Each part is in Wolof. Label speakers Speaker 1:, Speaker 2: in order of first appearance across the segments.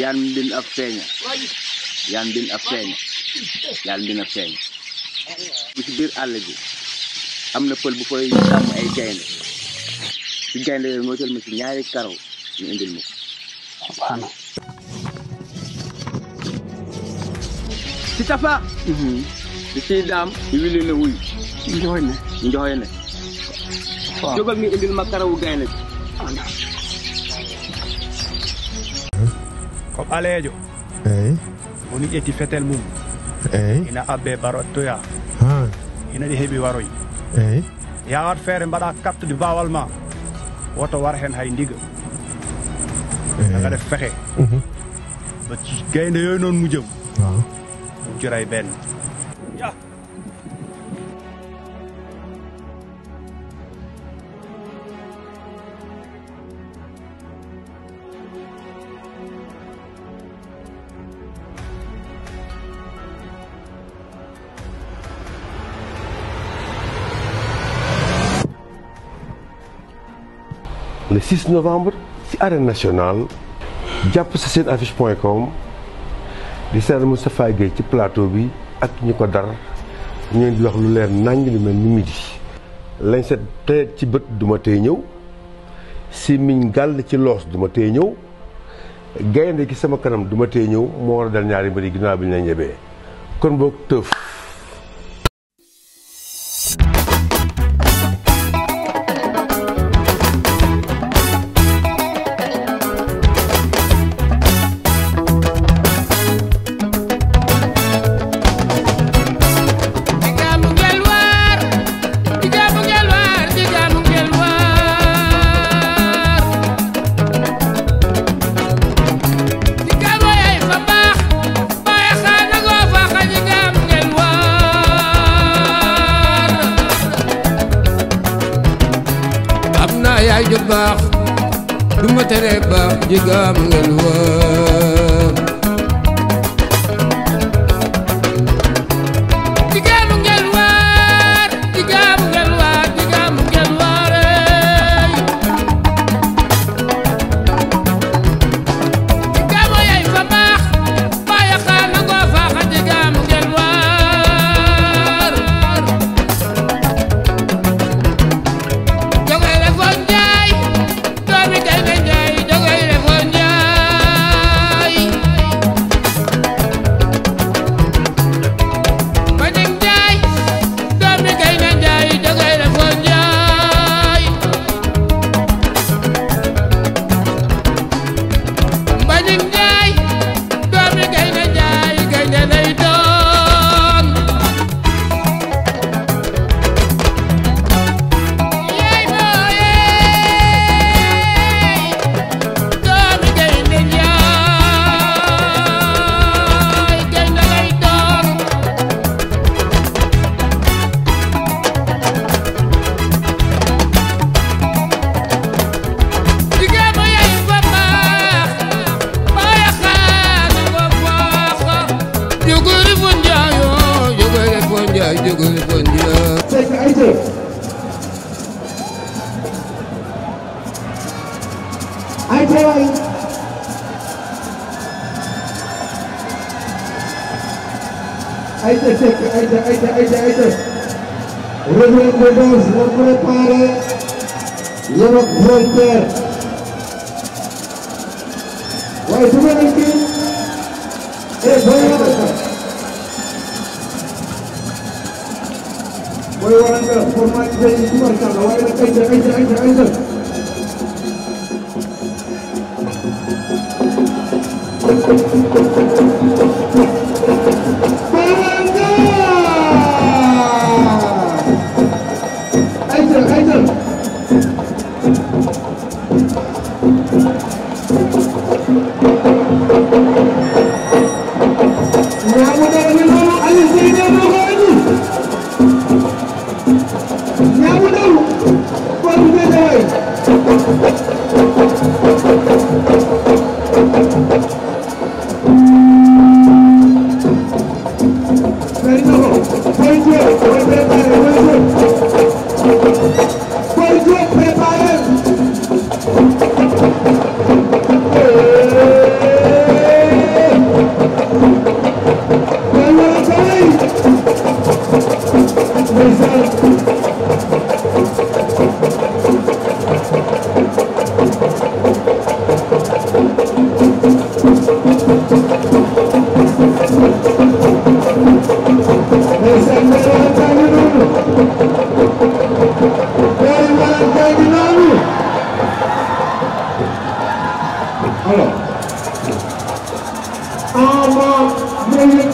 Speaker 1: yan din ab feeña yan din ab feeña yan din ab feeña bi ci biir àll bi am na pël bu fay sàmm ay gaynde ci gaynde yooyu moo jël ma ci ñaari karaw ñu indil ma ko ci tafa di mhm. ciy daam di wili na wuy njoxoy ne njoxoy ne jógal nga indil ma karawu gaynde bi ah, aleejo woni ƴetti fetel mum eyi ina abbe barottoya ina ɗi heeɓi waroy eyi yawat feere mbaɗa kattude bawal ma woto war hen hay ndiga aga def fexe mhm. ba
Speaker 2: gaynde yooyu noon mujjam
Speaker 1: mujjora e benn
Speaker 3: le 6 novembre ci arène nationale jàpp sa seen affiche point com di seetlu Moustapha Gueye ci plateau bi ak ñu ko dar ñu di wax lu leer naññ lu mel ni lañ set tey ci bët duma tey ñëw si miñ gàll ci loos duma tey ñëw gaynde gi sama kanam duma tey ñëw moo war a dal ñaari mbir yi ginnaaw bi na la ñebee kon boog tëf.
Speaker 4: tere ba jigam ngeen woon ayca ayca Reug Reug de Doss la préparé yéen ak volontaire waaye su ma leen kii eh booy waral nga formalité yi ci war a sànq waaye nag ayca ayca ayca ayca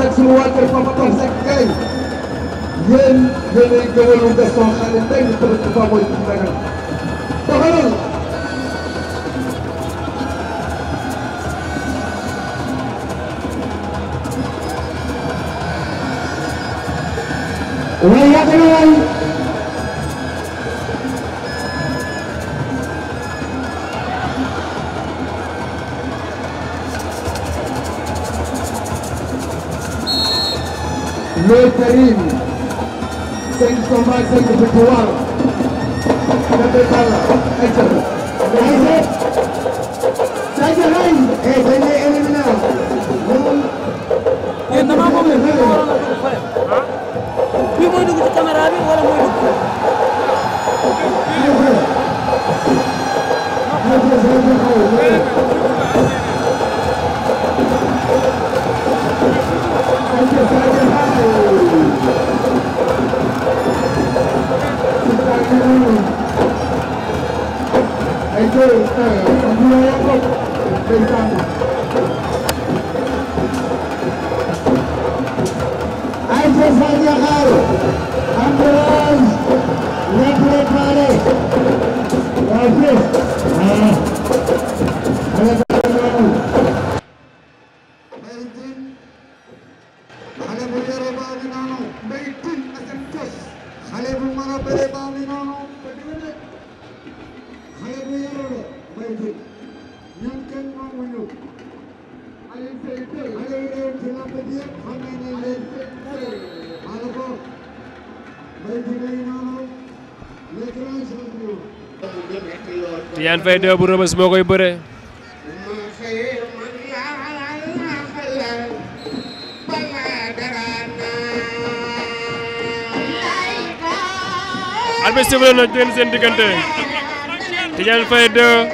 Speaker 1: ànd ak suñu waa kër
Speaker 3: Papa Tom Seck Gueye yéen yéenay gënalu Gaston Xale Mbengue peut-être
Speaker 4: pas mooy kii Dagan doxalal waaye yaakaar naa Karim cinq combats cinq victoires Bébé Balla ay Ambrose, le préparé. Merci. Ah.
Speaker 2: Gandiane Faye deux bu rëbës moo koy bëre arbitre sifflé na gën seen diggante Gandiane Faye deux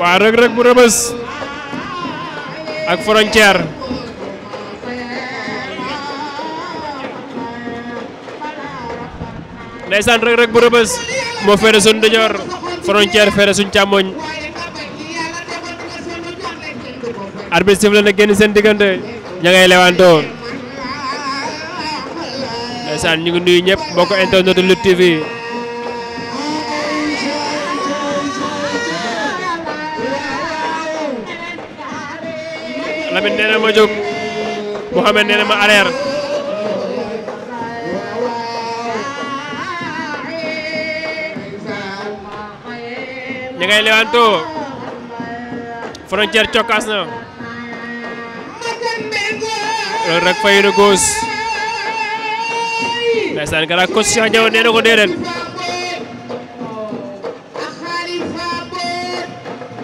Speaker 2: waa rëg-rëg bu rëbës ak frontière ndeysaan rek rek bu rëbës moo feere suñu ndijoor frontière feere suñu càmmoñ arbitre siffle na génn seen diggante ña ngay lewanto ndeysaan ñu ngi nuyu ñëpp mbokk internet Lutte TV Lamine nee na ma jóg Mouhamed nee na ma arrière ña ngay lewanto frontière cokkaas na loolu rek fayu na góos ndeysaan gara coach nee na ko déedéet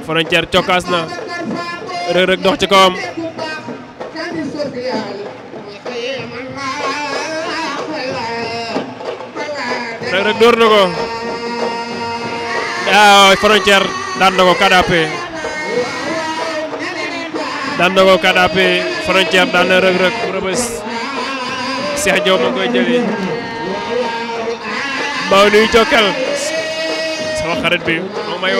Speaker 2: frontière cokkaas na Reug Reug dox ci kawam Reug Reug dóor ko Ah, frontière daan na ko kadapé daan na ko kadapé frontière daan na rëg rëg rëbës Cheikh Diop ma koy jëli maa nuyu Jokal sama xarit bi moo may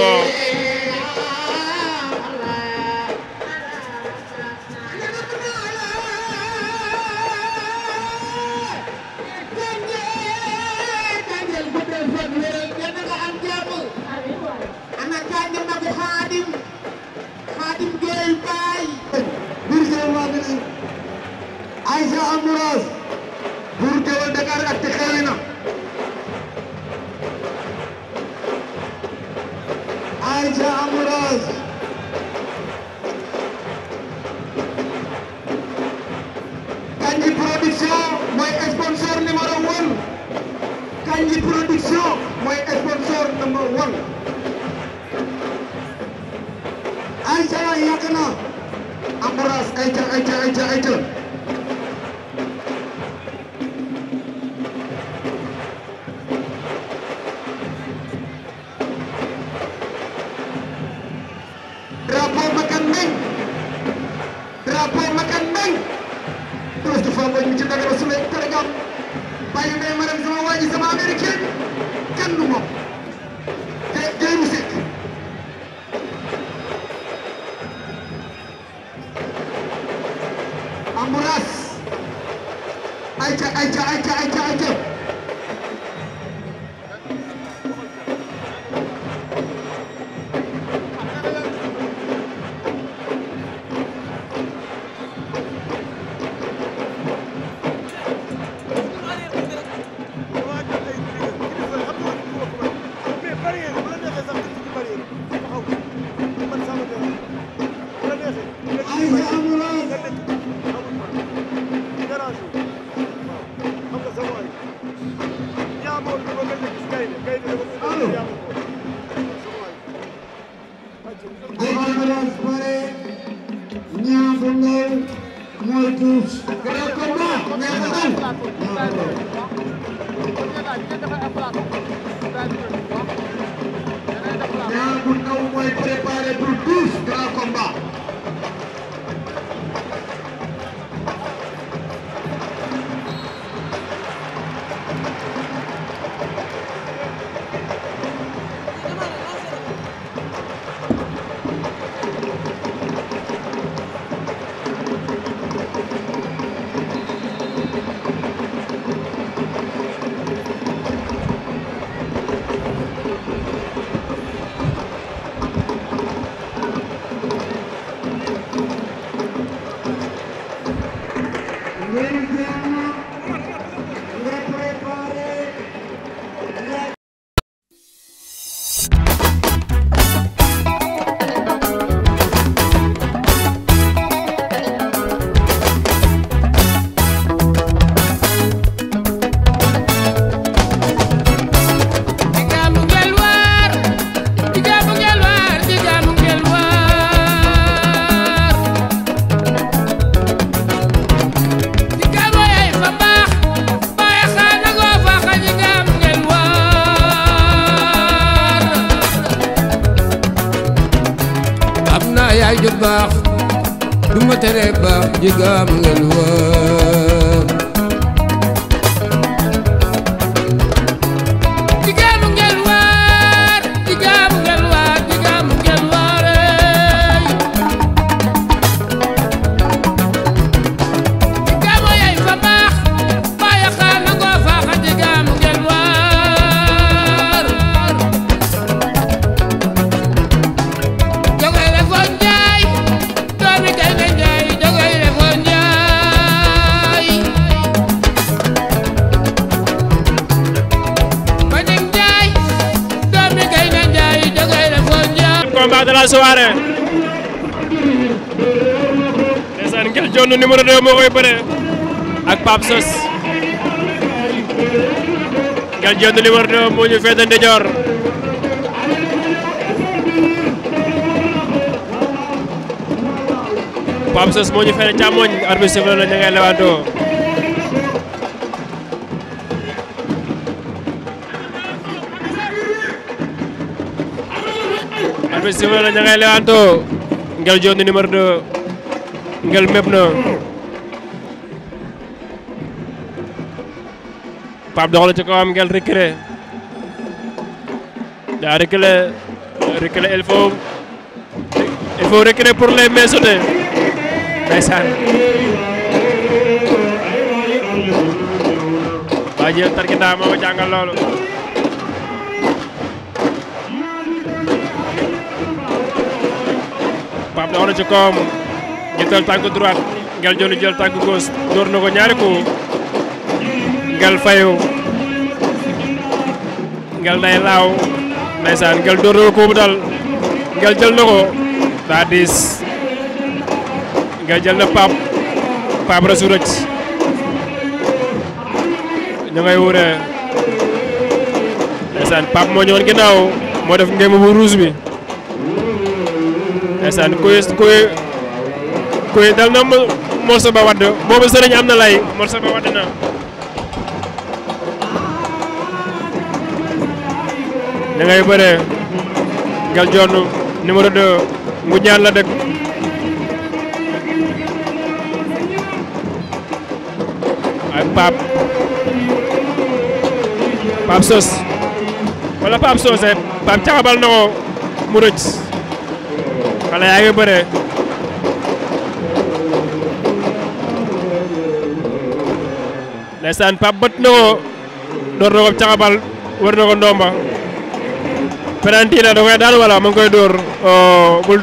Speaker 1: ay ay ca ay ca ay ca ay
Speaker 4: final
Speaker 2: soirée ndeysaan ngel jonn numéro moo koy bëre ak Pape ngel jonn numéro moo ñu féete ndijoor Pape moo ñu féete càmmoñ arbitre sifflé na ñu ngay arbitre sifflé na ña ngay lewanto Nguel Dione numéro 2 Nguel mépp na Pape dox na ci kawam Nguel reculé daa reculé reculé il faut il faut reculer pour les mains sautées ndeysaan waa jël tarki daa moo ma jàngal loolu Pape daw na ci kawam jiital tànk droite Ngel Joli jël tànk gauche dóor na ko ñaari ko Ngel fayu Ngel day laaw ndeysaan Ngel dóor na ko koobu dal Ngel jël na ko daa diis Ngel jël na Pape Pape resu rëcc ñu ngay wure ndeysaan Pape moo ñëwoon ginnaaw moo def ngéem bu rouge ndeysaan kuy kuy kuy dal na morso ba wadd boobu sëriñ am na lay morso ba wadd na da ngay bëree Nguel Dione numéro ngu ñaan la dëkk ak Pape Pape Sos wala Pape Sos Pape caxabal na ko mu rëcc xale yaa ngi bëre ndeysaan Pape bët na door na ko caxabal wër na ko ndomba penalty la da daan wala ma ngi koy dóor oh, bul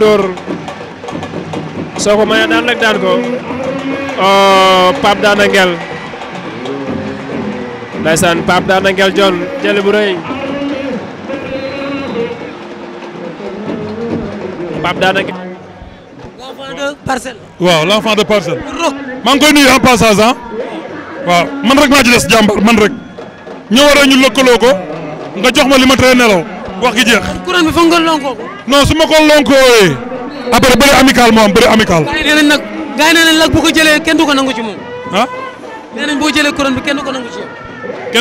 Speaker 2: soo ko mayee daan rek daan ko oh, Pape daan na ngel ndeysaan Pape daan na ngel John jël Pape Dada Gueye.
Speaker 5: l'enfant de parcelle.
Speaker 3: waaw l'enfant de parcelle. maa ngi koy nuyu en passage ah. waaw man rek maa ci des jàmbar man rek. ñëwaree ñu lëkkaloo ko. nga jox ma li ma tere nelaw.
Speaker 5: wax gi jeex. kuréel bi foog nga lonkoo ko. non su ma ko lonkooyee. après bëri amical moo am bëri amical. gars yi nee nañ nag gars yi nee nañ nag kenn du ko nangu ci moom. ah. nee nañ bi kenn ko nangu kenn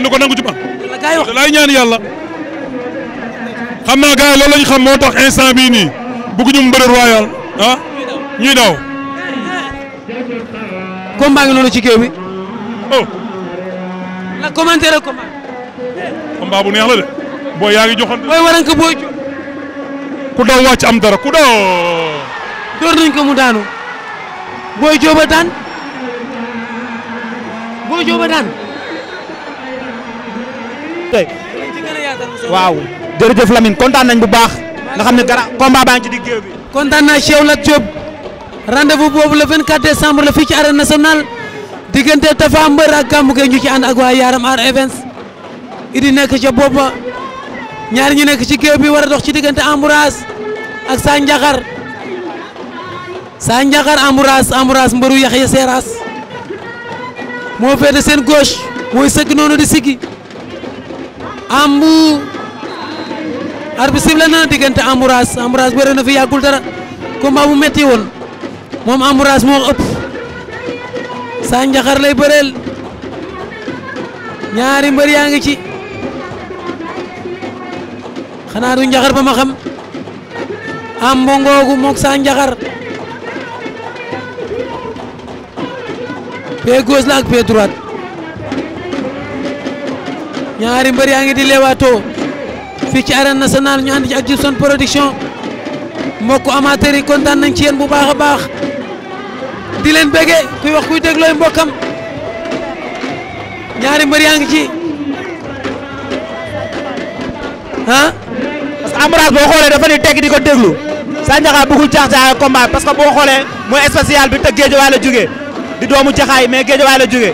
Speaker 3: ko nangu ci man. la gars lay ñaan yàlla. xam naa gars yi loolu ñu xam tax instant nii. bëgguñu mu bëre royal ah ñuy
Speaker 5: daw. combat noonu ci géew bi. oh. la commentaire la combat. bu neex la de. booy yaa ngi joxoon. booy waral nga booy jox. ku daw wàcc am dara ku daw. door nañ ko mu daanu. booy jooba daan. booy jooba daan.
Speaker 1: tey. waaw jërëjëf Lamine kontaan nañ bu baax. nga xam ne gara combat baa ngi ci digg géew bi. kontaan naa Cheikh Lat Diop
Speaker 5: rendez-vous boobu le la fii ci arène diggante Tapha Mbeur ak Gamou Gueye ñu ci ànd ak waa Yaram Art Events idi nekk ca bopp ñaar ñu nekk ci géew bi war a dox ci diggante Ambroise ak Sa Ndiakhar Sa Ndiakhar Ambroise Ambroise mbëru Yaxya Seras moo féete seen gauche mooy sëgg di siggi ambu arbitre sifflé na diggante Ambroise Ambroise bëre na fi yàggul dara combat bu metti woon moom Ambroise moo ëpp saa njaxar lay bëreel ñaari mbër yaa ngi ci xanaa du njaxar ba ma xam am mbongoogu moog saa njaxar pied ak pied droite ñaari mbër yaa ngi di leewaatoo fii ci arène nationale ñu ànd ci ak Djibson production mbokku amateur kontaan nañ ci yéen bu baax a baax di leen béggee kuy wax kuy déglooy mbokkam
Speaker 1: ñaari mbër yaa ngi ci ah. parce que Ambroise boo xoolee dafa ni tekki di ko déglu Sa Ndiakha bëggul caaxaan ak combat parce que boo xoolee mooy spécial bi ta géejawaay la jóge di doomu jaxaay mais géejawaay la jógee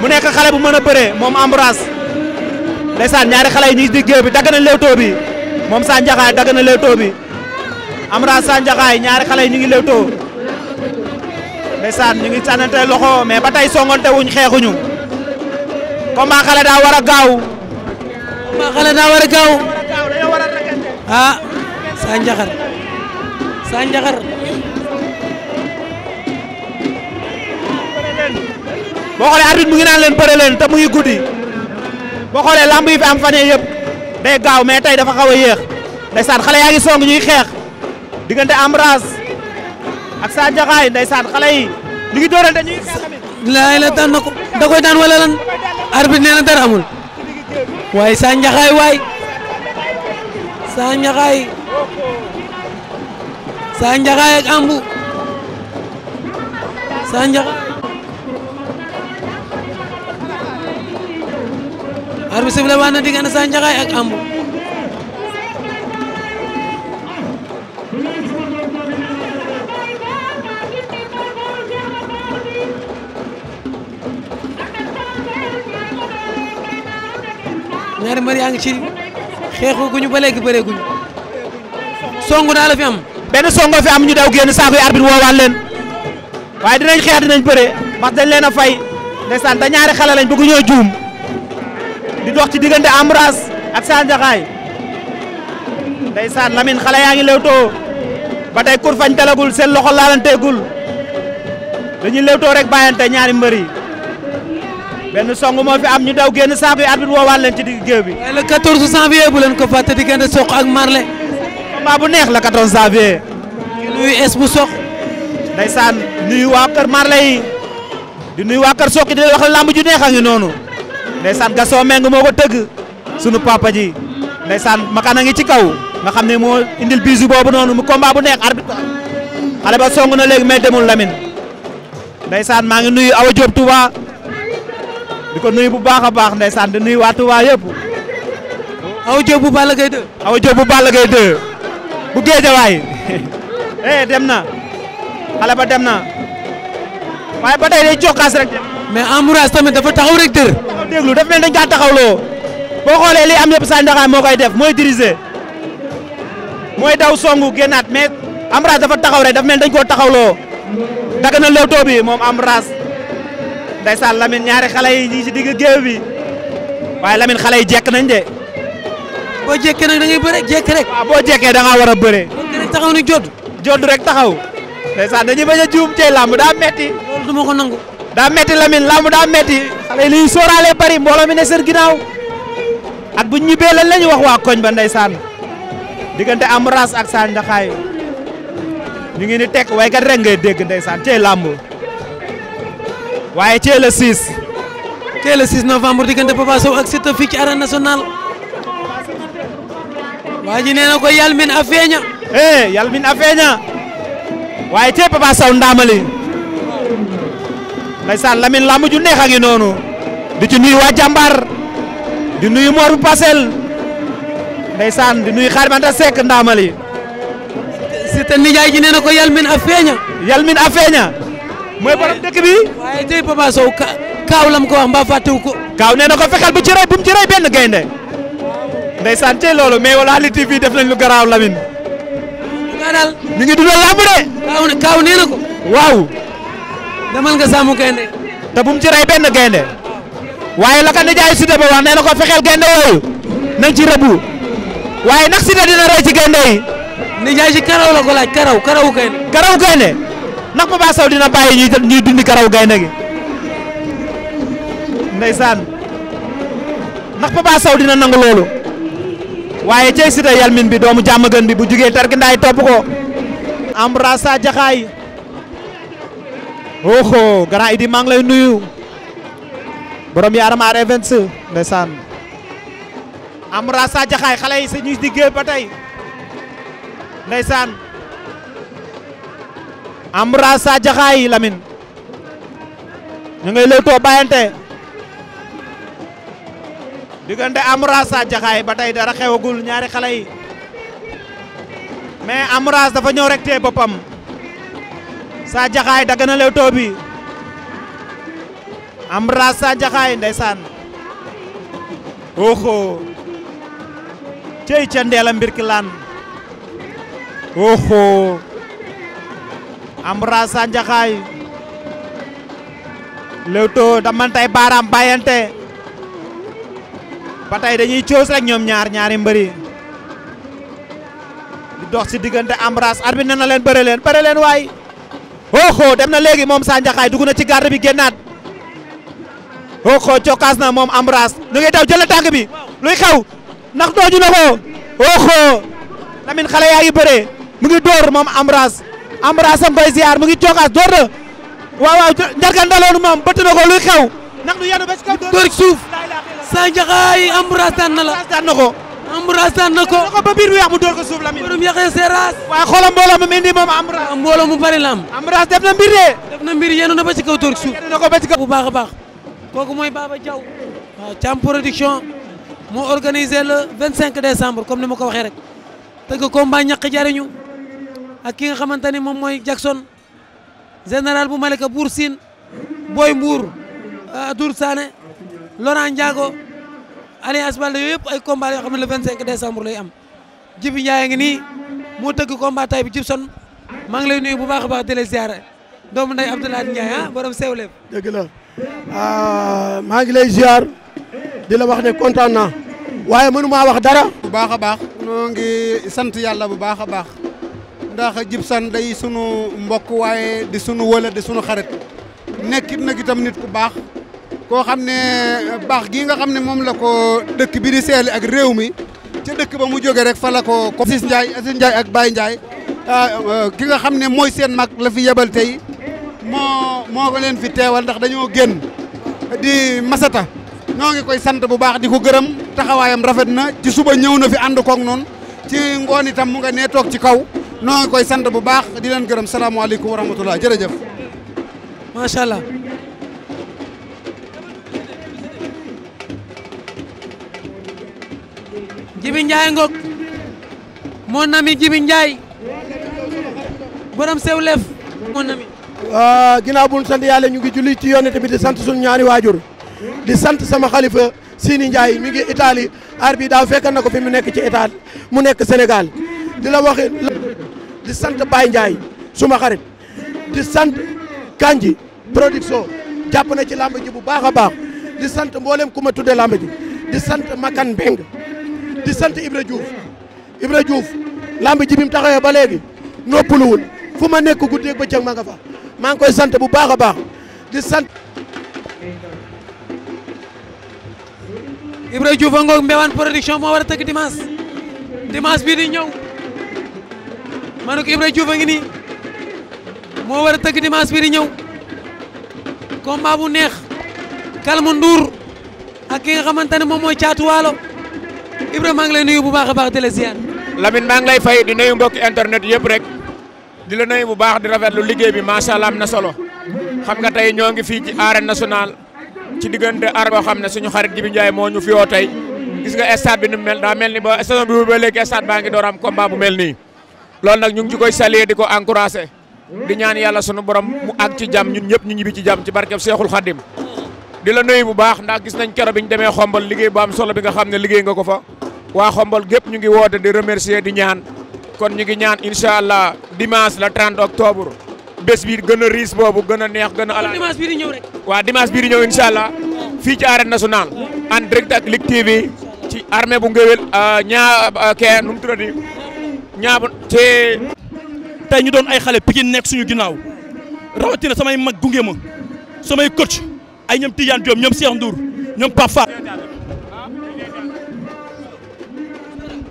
Speaker 1: mu nekk xale bu mën a bëree moom Ambroise ndeysaan ñaari xale yi ñi di géew bi dagg na lewtoo bi moom Sa Ndiakhaye dagg na lewtoo bi Amara Sa Ndiakhaye ñaari xale yi ñu ngi lewtoo ndeysaan ñu ngi sànnante loxo mais ba tey songante wuñ xeexuñu combat xale daa war a gaaw combat xale daa war a gaaw
Speaker 5: ah Sa Ndiakhaye Sa Ndiakhaye
Speaker 1: boo xoolee arbitre mu ngi naan leen bëre leen te mu ngi guddi boo xoolee lamb yi fi am fan yëpp day gaaw mais tey dafa xaw a yéex ndeysaan xale yaa ngi song ñuy xeex diggante Ambroise ak Sa Jaxaay ndeysaan xale yi ñu ngi dóorante ñuy xeex tamit. laay la daan na ko da koy daan wala
Speaker 5: lan. arbitre nee na dara amul. waaye Sa Jaxaay waay Sa Jaxaay Sa Jaxaay ak Ambu Sa Jaxaay ar bi sifle Sa Ndiakhate ak Ambou ñaari mbër ci xeexu guñu ba léegi
Speaker 1: bëree guñu songu daal fi am benn songo fi am ñu daw génn saako yi arbitre woowaat waaye dinañ xeex dinañ bëre parce dañ leen a fay ndeysaan te ñaari xale lañ bëgg juum di ci diggante Ambroise ak Sa Ndiakhaye ndeysaan Lamine xale yaa ngi lewtoo ba tey kur fañ seen loxo laalanteegul dañuy lewtoo rek bàyyante ñaari mbër yi benn song moo fi am ñu daw génn saako yi arbitre woowaat leen ci digg géew bi. le 14 janvier bu leen ko fàtte diggante Sokh ak Marley. combat bu neex la 14 janvier. di nuyu es bu Sokh. ndeysaan nuy waa kër Marley yi di nuyu waa kër Sokh di leen wax lamb ju neex a noonu. ndeysaan gasoo meng moo ko tëgg sunu papa ji ndeysaan makana ngi ci kaw nga xam ne moo indil bisu boobu noonu mu combat bu neex arbitre xale ba song na léegi mais demul Lamine ndeysaan maa ngi nuyu Awa Diop di ko nuyu bu baax a baax ndeysaan di nuyu waa Touba yëpp. Awa Diop bu Balla Gaye 2. Awa eh, dem na xale ba dem na waaye ba tey day jokkaas rek. mais Amourass tamit dafa taxaw rek dër. déglu dafa mel dañ kaa taxawloo boo xoolee li am yëpp Sadio Ndaxam moo koy def mooy diriger mooy daw songu génnaat mais Amourass dafa taxaw rek dafa mel dañ koo taxawloo daga na lewtoo bi moom Amourass ndeysaan Lamine ñaari xale yi ñi ci digg géew bi waaye Lamine xale yi jekk nañ de. boo jekkee nag da ngay bëre jekk rek. waaw boo jekkee da war a bëre. rek taxaw ni jodd. jodd rek taxaw. ndeysaan dañuy bañ a juum cey làmb daa metti loolu du ma ko nangu. daa metti Lamine lamb daa metti xale yi sóoraale bari mbooloo mi ne seen ginnaaw at bu ñibbee lan la ñu wax waa koñ ba ndeysaan diggante Ambroise ak Sa Ndiakhaye ñu ngi ni teg waykat rek ngay dégg ndeysaan cee làmb waaye cee le 6.
Speaker 5: cee le 6 novembre diggante Papa ak Siteu fii ci arène nationale
Speaker 1: waa ji nee na ko yal min a feeña. eh yal min a feeña waaye cee Papa ndaamali. ndeysaan Lamine lamb ju neex a ngi noonu di ci nuyu waa jàmbaar di nuyu Mor Parcelles ndeysaan di nuyu xaarimanta Seck ndaamali Siteu nijaay ji nee na ko yal min a feeña yal min a feeña mooy borom dëkk bi kaaw lam ko wax mbaa fàttewu ko kaaw nee ko fexeel bu ci rey bu mu ci rey benn gaynde ndeysaan tey loolu mais wala li def nañ lu garaaw Lamine ñu ngi dundal lamb de kaaw nee ko waaw demal nga sàmm gaynde te bu mu ci rey benn gaynde waaye la ka nijaay ba wax nee na ko fexeel gaynde yooyu nañ ci rëbbu waaye nag Siteu dina rey ci gaynde yi. nijaay ci karaw la ko laaj karaw karaw gaynde. karaw gaynde ndax Papa Sow dina bàyyi ñuy ñuy dindi karaw gaynde gi ndeysaan ndax Papa Sow dina nangu loolu waaye cey Siteu yalmin bi doomu jàmm bi bu jugee tarki ndaay topp ko. Ambra Sa Jaxaay oho Grand Idy maa ngi lay nuyu borom yaaram aar events ndeysaan Amra sa jaxaay xale yi sa ñuy diggee ba tey ndeysaan Amra sa jaxaay Lamine ñu ngay lay too bàyyante diggante Amra sa jaxaay ba tey dara xewagul ñaari xale yi mais Amra dafa ñëw rek tee boppam Sa Jaxaay dagg na Leewtoo bi Ambra ndeysaan oho cey ca ndeela mbirkilaan oho Ambra Sa Jaxaay Leewtoo damantay baaraam bàyyante ba dañuy coos rek ñoom ñaar ñaari mbëri di dox diggante Ambra arbitre na leen bëre leen waay Xooxoo dem na léegi moom Sa Ndiakhaye dugg na ci garde bi génnaat Xooxoo cokkaas na moom Ambras ñu ngi daw jël tànk bi luy xew ndax dooju na ko Xooxoo Lamine xale yaa ngi bëree mu ngi door moom Ambras Ambras am koy ziar mu ngi cokkaas door na waaw waaw njargan daloon moom bëtt na ko luy xew ndax du yanu ba ci kaw
Speaker 5: door suuf Sa Ndiakhaye Ambras daan na la daan ko Ambroise daan na ko ko ba biir bi mu door ko seeraas waaye xoolal mbooloo mu mel moom Ambroise mbooloo mu bari la am Ambroise def na mbir de def na mbir yenu na ba ci kaw door suuf bu baax a baax kooku mooy Baba Diaw waaw Thiam production moo organisé le 25 décembre comme ni ma ko waxee rek tëgg combat ñàkk jariñu ak ki nga xamante ni moom mooy Jackson général bu Malika Bour Sine Boy Mbour ah, Dour Sané Laurent Ndiago alliance Baldé yooyu yëpp ay combat yoo xam ne le 25 décembre lay am Jibi Ndiaye ngi nii moo tëgg combat tay bi Jibson maa ngi lay nuyu bu baax a baax di la ziar doomu nday Abdoulaye Ndiaye ah borom Sewleem. dëgg la ah, maa ngi lay
Speaker 1: ziar di la wax ne kontaan waaye mënu wax dara. bu baax a baax ñoo ngi sant yàlla bu baax a baax ndax san day sunu mbokk waaye di sunu wëla di sunu xarit nekkit nag itam nit ku baax. koo xam ne euh, baax gi nga xam ne moom la ko dëkk bi di seeli ak réew mi ca dëkk ba mu jóge rek fa la ko ko Assis Ndiaye Assis Ndiaye ak Baye Ndiaye ah, euh, ki nga xam ne mooy seen mag la fi yebal tey moo moo leen fi teewal ndax dañoo génn di masata ñoo ngi koy sant bu baax di ko gërëm taxawaayam rafet na ci suba ñëw na fi ànd kook noonu ci ngoon itam mu nga nee toog ci kaw noo ngi koy sant bu baax di leen gërëm salaamaaleykum wa rahmatulah jërëjëf macha allah
Speaker 5: Jibi Ndiaye Ngok mon ami Jibi Ndiaye borom sew lef mon ami.
Speaker 1: Ah, ginnaaw sant yàlla ñu ngi julli ci yoon tamit di sant suñu ñaari waajur di
Speaker 5: sant sama xalifa Sini Ndiaye mi ngi Italie aar bi daaw na ko fi mu nekk ci Italie mu nekk
Speaker 1: Sénégal di la wax di sant Baye Ndiaye suma xarit di sant Kanji production jàpp na ci lamb ji bu baax a baax di sant mboolem ku ma tuddee lamb ji di sant Makan Mbeng di sant Ibra Diouf Ibra Diouf lamb ji bi mu taxawee ba léegi noppaluwul fu ma nekk guddeeg bëccëg ma nga fa maa ngi koy sant bu baax a baax di sant.
Speaker 5: Ibra Diouf a ngoog Mbewaan production moo war a tëgg dimanche dimanche biir di ñëw ma ne ko Ibra a ngi nii moo war a tëgg dimanche bii di ñëw combat bu neex Kalmu Ndour ak ki nga xamante ne moom mooy caatuwaalo Ibrahima maa ngi lay nuyu bu baax a baax di la ziar.
Speaker 3: Lamine maa ngi lay fay di nuyu mbokki internet yëpp rek di la nuyu bu baax di rafetlu liggéey bi macha allah am na solo xam nga tey ñoo ngi fii ci arène nationale ci diggante arène boo xam ne suñu xarit Jibi Ndiaye moo ñu fi tey gis nga stade bi ni mel daa mel ni ba saison bi ba léegi stade baa ngi door am combat bu mel nii loolu nag ñu ngi ci koy saluer di ko encourager di ñaan yàlla sunu borom mu àgg ci jàmm ñun ñëpp ñu ñibbi ci jàmm ci barkeb Seexul Xadim di la nuyu bu baax ndax gis nañ kero bi ñu demee xombal liggéey bu am solo bi nga xam ne liggéey nga ko fa waa xombal gépp ñu ngi woote di remercier di ñaan kon ñu ngi ñaan incha allah dimanche la 30 octobre bés bi gën a riis boobu gën a neex gën a ala dimanche bii di ñëw rek waaw dimanche bii di ñëw incha allah fii ci arène national en direct ak Ligue TV ci armée bu ngéwél euh, ñaa euh, kee nu mu
Speaker 1: tuddati ñaa ci tey ñu doon ay xale Pikine nekk suñu ginnaaw rawatina samay mag gunge ma ay ñoom Tidiane Diop ñoom Cheikh Ndour ñoom Pape Fall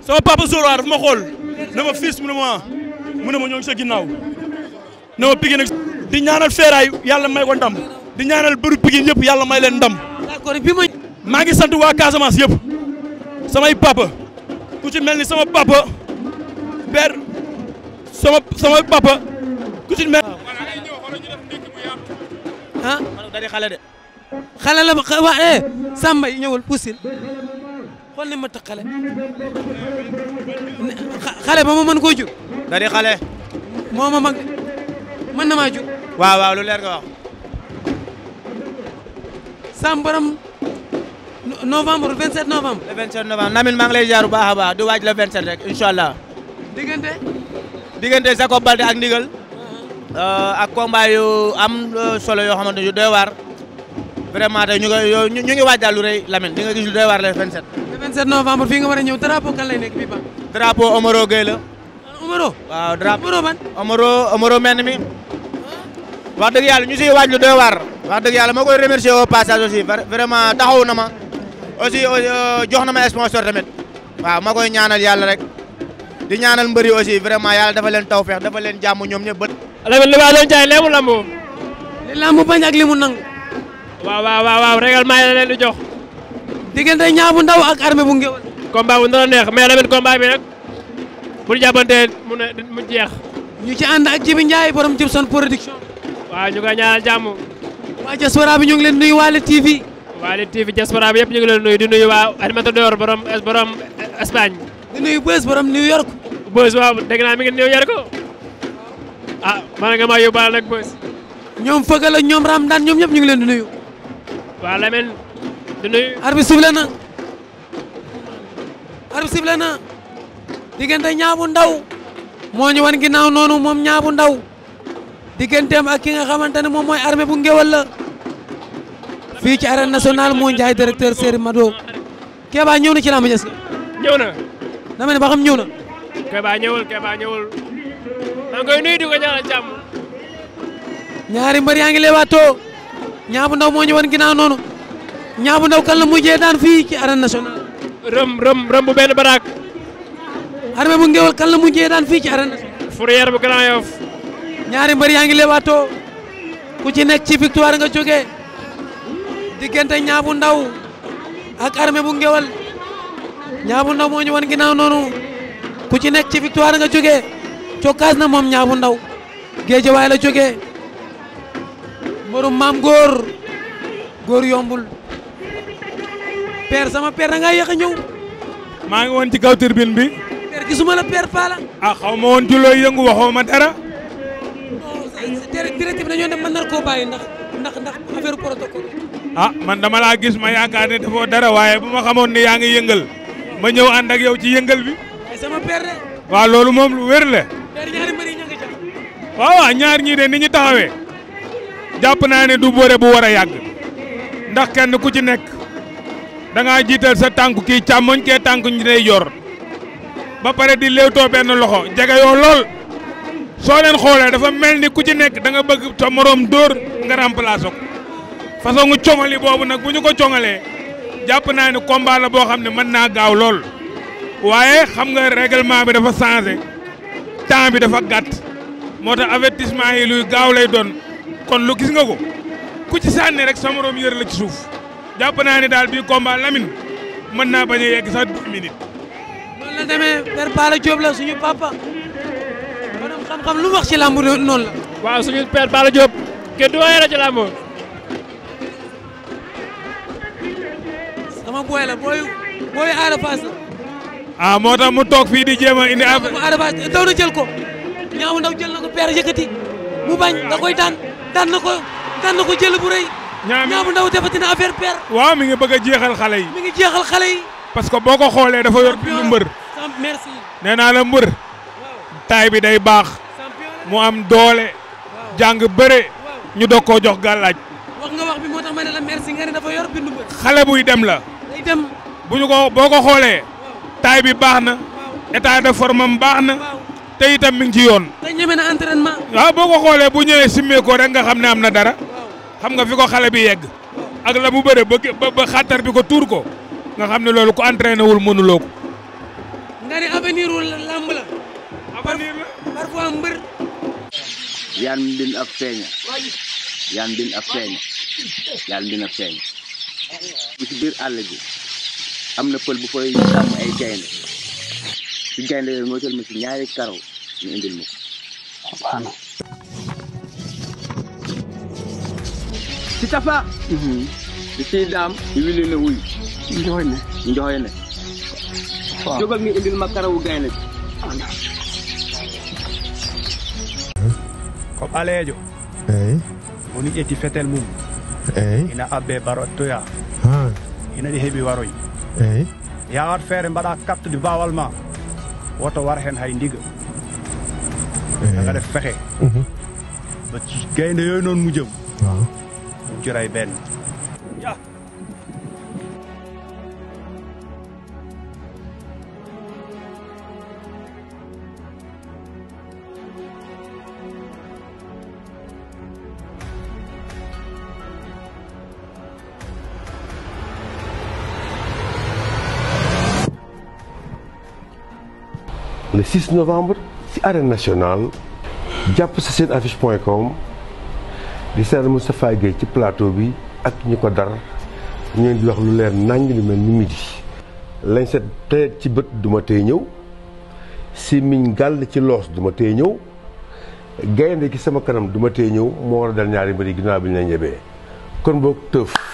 Speaker 1: sama papa Zora ma xool ne ma mu ne ma mu ne ma ñoo ngi sa ginnaaw ne ma Pikine nag di ñaanal may ko ndam di ñaanal bëru Pikine yëpp yàlla may leen ndam. d'accord bi maa ngi sant waa Casamance yëpp samay papa ku mel ni sama papa
Speaker 5: père sama papa ku mel. Ah. xale la ma wa eh Samba yi ñëwal pusil xool ni ma tax xale xale ba ma mën koo jur. da di xale. moo mag mën na maa jur.
Speaker 1: waaw waaw lu leer nga wax. Sambaram novembre 27 novembre. le 27 novembre Namine maa ngi lay jaar bu baax a baax du waaj le 27 rek incha allah. diggante. diggante Jacob Balde ak Ndigal. Uh-huh. Euh, ak combat yu am euh, solo yoo xamante yu doy waar. vraiment tey ñu ngi ñu ngi waaj
Speaker 5: daal lu rëy Lamine di nga gis lu doy waar le 27. le 27 novembre fii nga war a ñëw drapeau kan lay nekk bii ba. drapeau
Speaker 1: Omaro Gueye la. wax dëgg yàlla ñu si waaj lu doy waar. wax dëgg yàlla ma koy remercier au passage aussi vraiment taxawu na ma. aussi euh, jox na ma sponsor tamit. waaw ma koy ñaanal yàlla rek. di ñaanal mbër yi aussi vraiment yàlla dafa leen taw tawfeex dafa leen jàmm ñoom ñëpp bët.
Speaker 2: waaw waaw waaw règlement yi la leen di jox. diggante Niang bu ndaw ak Armé bu Ngéwél. combat bu neex mais tamit combat bi nag bu ñu mu ne mu jeex.
Speaker 5: ñu ci ànd ak Jibi Ndiaye borom Gibson production.
Speaker 2: waaw ñu koy ñaanal jàmm. waa diaspora bi ñu ngi leen nuyu waa Lutte TV. waa Lutte TV diaspora bi yëpp ñu ngi leen nuyu di nuyu waa animateur borom borom Espagne. di nuyu Beuz borom New York. Beuz waaw dégg naa mi ngi New York. ah man nga maa yóbbaale nag Beuz. ñoom Feugeul ñu ngi leen di nuyu. waa Lamine
Speaker 5: di nuyu. arbitre sifflé na arbitre sifflé diggante ñaabu ndaw moo ñu wan ginnaaw noonu moom ñaabu ndaw digganteem ak ki nga xamante ne moom mooy armée bu ngéwal la fii ci arène nationale moo njaay directeur Serigne Mado Kéba ñëw na ci làmb jës. ñëw na. dama ne ba xam ñëw na.
Speaker 2: Kéba ñëwul Kéba ngi koy nuyu
Speaker 5: yaa ngi leewaatoo. Niang bu Ndaw moo ñu wan ginnaaw noonu Niang Ndaw kan la mujjee daan fii ci arène nationale. rëm rëm rëm bu benn baraak. Armé bu Ngéwal kan la mujjee daan fii ci arène nationale. Fourrière bu Grand ñaari mbër yaa ngi leewaatoo ku ci nekk ci victoire nga jógee diggante Niang bu Ndaw ak Armé bu Ngéwal Niang bu Ndaw moo ñu wan ginnaaw noonu ku ci nekk ci victoire nga jógee cokkaas na moom Niang bu Ndaw géej waay la jógee. mbërum maam góor góor yombul père sama peer da ngaa yéex a ñëw maa ngi woon ci kaw turbine bi père gisuma la
Speaker 3: ah, xaw ma woon ci looy yëngu waxoo ma dara
Speaker 5: directive dañoo dem mën nar ndax ndax ndax
Speaker 3: ah, man dama laa gis ma yaakaar ne dafoo dara waaye bu ma xamoon ne yaa ngi yëngal ma ñëw ànd ak yow ci yëngal bi
Speaker 5: waaye sama père
Speaker 3: loolu moom lu wér la père ñaari mbëri ñaar ñii ni ñu taxawee jàpp naa ne du boore bu war a yàgg ndax kenn ku ci nekk da jiital sa tànk kii càmmoñ kee tànku ñu day yor ba pare di léewtoo benn loxo jege yoo lool soo leen xoolee dafa mel ni ku ci nekk da nga bëgg sa moroom dóor nga remplacer ko façon nga coŋali boobu nag bu ñu ko coŋalee jàpp naa ne combat boo xam ne mën naa gaaw lool waaye xam nga règlement bi dafa changé temps bi dafa gàtt moo tax avertissement yi luy gaaw lay doon. kon lu gis nga ko ku ci sànni rek sa morom yër la ci suuf jàpp naa ne daal bii combat Lamine mën naa bañ a yegg sax dix minutes. noonu la demee père Balla
Speaker 5: Diop la suñu papa borom xam-xam lu wax ci làmb noonu la. waaw suñu père
Speaker 3: Balla Diop kenn la ci làmb.
Speaker 5: sama booy la booy booy Ada Fass la.
Speaker 3: Ah, moo tax mu toog fii di jéem a indi affaire.
Speaker 5: mu Ada daw na jël ko ñaaw ndaw jël na ko père yëkkati mu bañ da koy daan. daan na ko daan na ko jël bu rëy. ñaar bu ndaw defati na affaire père. waaw mi ngi bëgg a
Speaker 3: jeexal xale yi. mi ngi xale yi. parce que boo ko xoolee dafa yor lu mbër. merci. nee naa la mbër. taay bi day baax. mu am doole. jàng bëre. ñu doog koo jox gàllaaj.
Speaker 5: wax nga wax bi moo tax ma ne la merci dafa yor bindu mbër.
Speaker 3: xale buy dem la. day dem. bu ñu ko boo ko xoolee. taay bi baax na. état de baax na. te itam mi ngi ci yoon. te ñeme na entraînement. waaw boo ko xoolee bu ñëwee simmeekoo rek nga xam ne am na dara xam nga fi ko xale bi yegg ak la mu bëre ba ba bi ko tuur ko nga xam ne loolu ku entraîné wul mënuloo ko.
Speaker 5: nga ne avenir wu làmb la. avenir la parfois mbër.
Speaker 1: yaan din ab feeña yaan din ab feeña yaan din ab feeña bu ci biir àll bi am na pël bu fay sàmm ay gaynde si gaynde yooyu moo jël ma si ñaari karaw ñu indil si tafa mhm. si si ñu wili ne wuyu njoxoy ne njoxoy ne jógal nga indil ma karawu gaynde bi ko ɓaleejo eyi ƴetti fetel mum ina abbe barottoya ina ɗi heɓi waroy eyi yawat feere mbaɗa kattude bawal ma woto war xeen xay ndiga da eh. nga def fexe mhm. ba ci
Speaker 3: gaynde yooyu noonu mu jëm mu ci benn le 6 novembre ci arène nationale jàpp sa seen affiche point com di seetlu Moustapha Gueye ci plateau bi ak ñu ko dar ñu di wax lu leer naññ lu mel ni midi. lañ set tey ci bët duma tey ñëw si miñ gàll ci loos duma tey ñëw gaynde gi sama kanam duma tey ñëw moo war a dal ñaari mbir yi ginnaaw bi ñu la kon boog tëf.